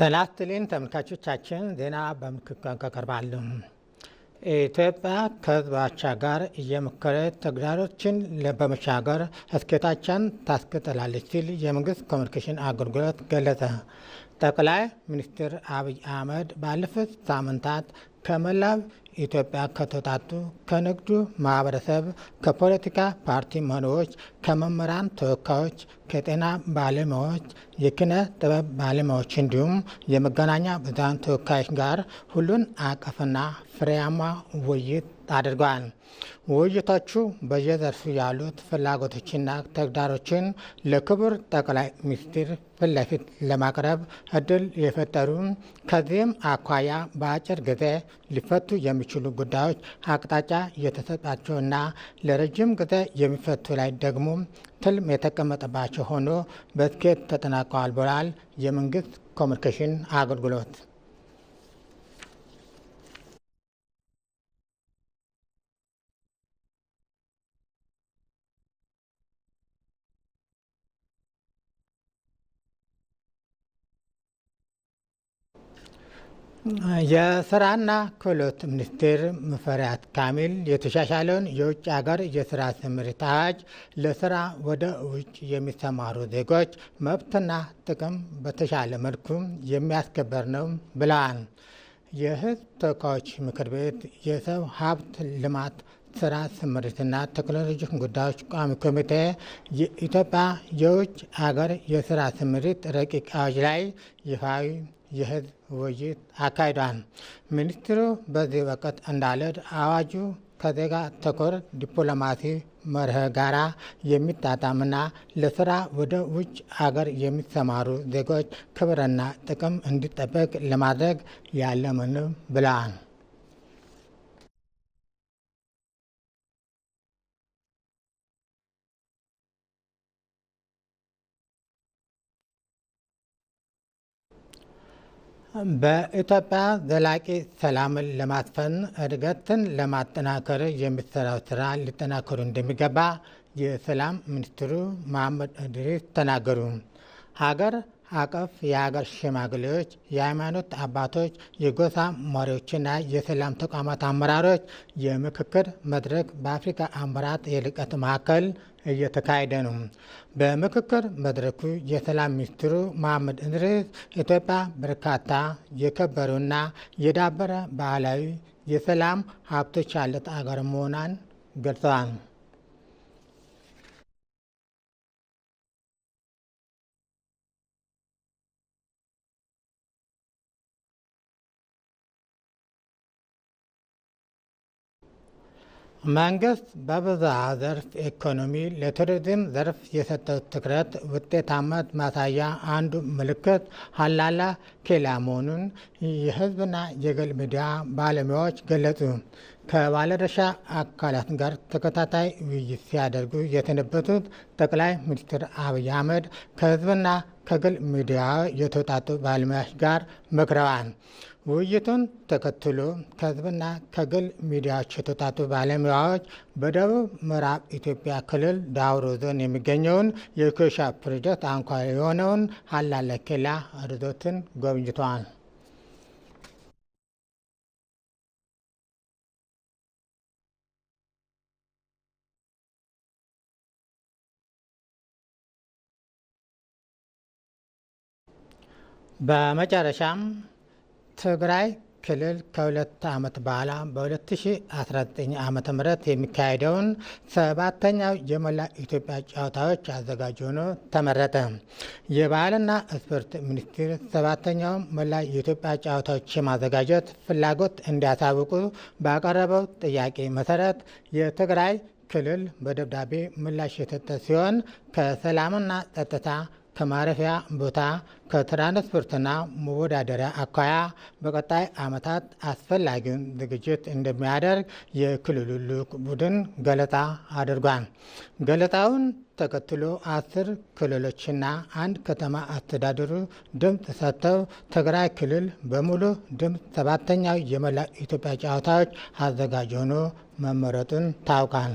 ጤና ይስጥልኝ ተመልካቾቻችን፣ ዜና በምልክት ቋንቋ ይቀርባል። ኢትዮጵያ ከህዝባቻ ጋር እየመከረች ተግዳሮችን በመሻገር እስኬታቻን ታስቀጥላለች ሲል የመንግስት ኮሚኒኬሽን አገልግሎት ገለጸ። ጠቅላይ ሚኒስትር አብይ አህመድ ባለፉት ሳምንታት ከመላው ኢትዮጵያ ከተውጣጡ ከንግዱ ማህበረሰብ፣ ከፖለቲካ ፓርቲ መሪዎች፣ ከመምህራን ተወካዮች፣ ከጤና ባለሙያዎች፣ የኪነ ጥበብ ባለሙያዎች እንዲሁም የመገናኛ ብዙኃን ተወካዮች ጋር ሁሉን አቀፍና ፍሬያማ ውይይት አድርጓል። ውይይቶቹ በየዘርፉ ያሉት ፍላጎቶችና ተግዳሮችን ለክቡር ጠቅላይ ሚኒስትር ፊት ለፊት ለማቅረብ እድል የፈጠሩ ከዚህም አኳያ በአጭር ጊዜ ሊፈቱ የሚችሉ ጉዳዮች አቅጣጫ የተሰጣቸውና ለረጅም ጊዜ የሚፈቱ ላይ ደግሞ ትልም የተቀመጠባቸው ሆኖ በስኬት ተጠናቀዋል ብሏል የመንግስት ኮሚኒኬሽን አገልግሎት። የስራና ክህሎት ሚኒስትር ሙፈሪያት ካሚል የተሻሻለውን የውጭ ሀገር የስራ ስምሪት አዋጅ ለስራ ወደ ውጭ የሚሰማሩ ዜጎች መብትና ጥቅም በተሻለ መልኩ የሚያስከበር ነው ብለዋል። የሕዝብ ተወካዮች ምክር ቤት የሰው ሀብት ልማት ስራ ስምሪትና ቴክኖሎጂ ጉዳዮች ቋሚ ኮሚቴ የኢትዮጵያ የውጭ ሀገር የስራ ስምሪት ረቂቅ አዋጅ ላይ ይፋዊ የህዝብ ውይይት አካሂዷል። ሚኒስትሩ በዚህ ወቅት እንዳለድ አዋጁ ከዜጋ ተኮር ዲፕሎማሲ መርህ ጋራ የሚጣጣምና ለስራ ወደ ውጭ አገር የሚሰማሩ ዜጎች ክብርና ጥቅም እንዲጠበቅ ለማድረግ ያለምንም ብለዋል። በኢትዮጵያ ዘላቂ ሰላምን ለማስፈን እድገትን ለማጠናከር የሚሰራው ስራ ሊጠናከሩ እንደሚገባ የሰላም ሚኒስትሩ መሐመድ እድሪስ ተናገሩ። ሀገር አቀፍ የሀገር ሽማግሌዎች፣ የሃይማኖት አባቶች፣ የጎሳ መሪዎችና የሰላም ተቋማት አመራሮች የምክክር መድረክ በአፍሪካ አምራት የልቀት ማዕከል እየተካሄደ ነው። በምክክር መድረኩ የሰላም ሚኒስትሩ መሐመድ እንድሪስ ኢትዮጵያ በርካታ የከበሩና የዳበረ ባህላዊ የሰላም ሀብቶች ያለት አገር መሆኗን ገልጸዋል። መንግስት በብዝሃ ዘርፍ ኢኮኖሚ ለቱሪዝም ዘርፍ የሰጠው ትኩረት ውጤታማነት ማሳያ አንዱ ምልክት ሀላላ ኬላ መሆኑን የህዝብና የግል ሚዲያ ባለሙያዎች ገለጹ። ከባለድርሻ አካላት ጋር ተከታታይ ውይይት ሲያደርጉ የተነበቱት ጠቅላይ ሚኒስትር አብይ አህመድ ከህዝብና ከግል ሚዲያ የተውጣጡ ባለሙያዎች ጋር መክረዋል። ውይይቱን ተከትሎ ከህዝብና ከግል ሚዲያዎች የተውጣጡ ባለሙያዎች በደቡብ ምዕራብ ኢትዮጵያ ክልል ዳውሮ ዞን የሚገኘውን የኮሻ ፕሮጀክት አንኳር የሆነውን ሀላለ ኬላ ሪዞርትን ጎብኝተዋል። በመጨረሻም ትግራይ ክልል ከሁለት ዓመት በኋላ በ2019 ዓ ም የሚካሄደውን ሰባተኛው የመላ ኢትዮጵያ ጨዋታዎች አዘጋጅ ሆኖ ተመረጠ። የባህልና ስፖርት ሚኒስቴር ሰባተኛው መላ የኢትዮጵያ ጨዋታዎች የማዘጋጀት ፍላጎት እንዲያሳውቁ ባቀረበው ጥያቄ መሰረት የትግራይ ክልል በደብዳቤ ምላሽ የሰጠ ሲሆን ከሰላምና ጸጥታ ከማረፊያ ቦታ ከትራንስፖርትና መወዳደሪያ አኳያ በቀጣይ ዓመታት አስፈላጊውን ዝግጅት እንደሚያደርግ የክልሉ ልዑክ ቡድን ገለጻ አድርጓል። ገለጻውን ተከትሎ አስር ክልሎችና አንድ ከተማ አስተዳደሩ ድምፅ ሰጥተው ትግራይ ክልል በሙሉ ድምፅ ሰባተኛው የመላ ኢትዮጵያ ጨዋታዎች አዘጋጅ ሆኖ መመረጡን ታውቋል።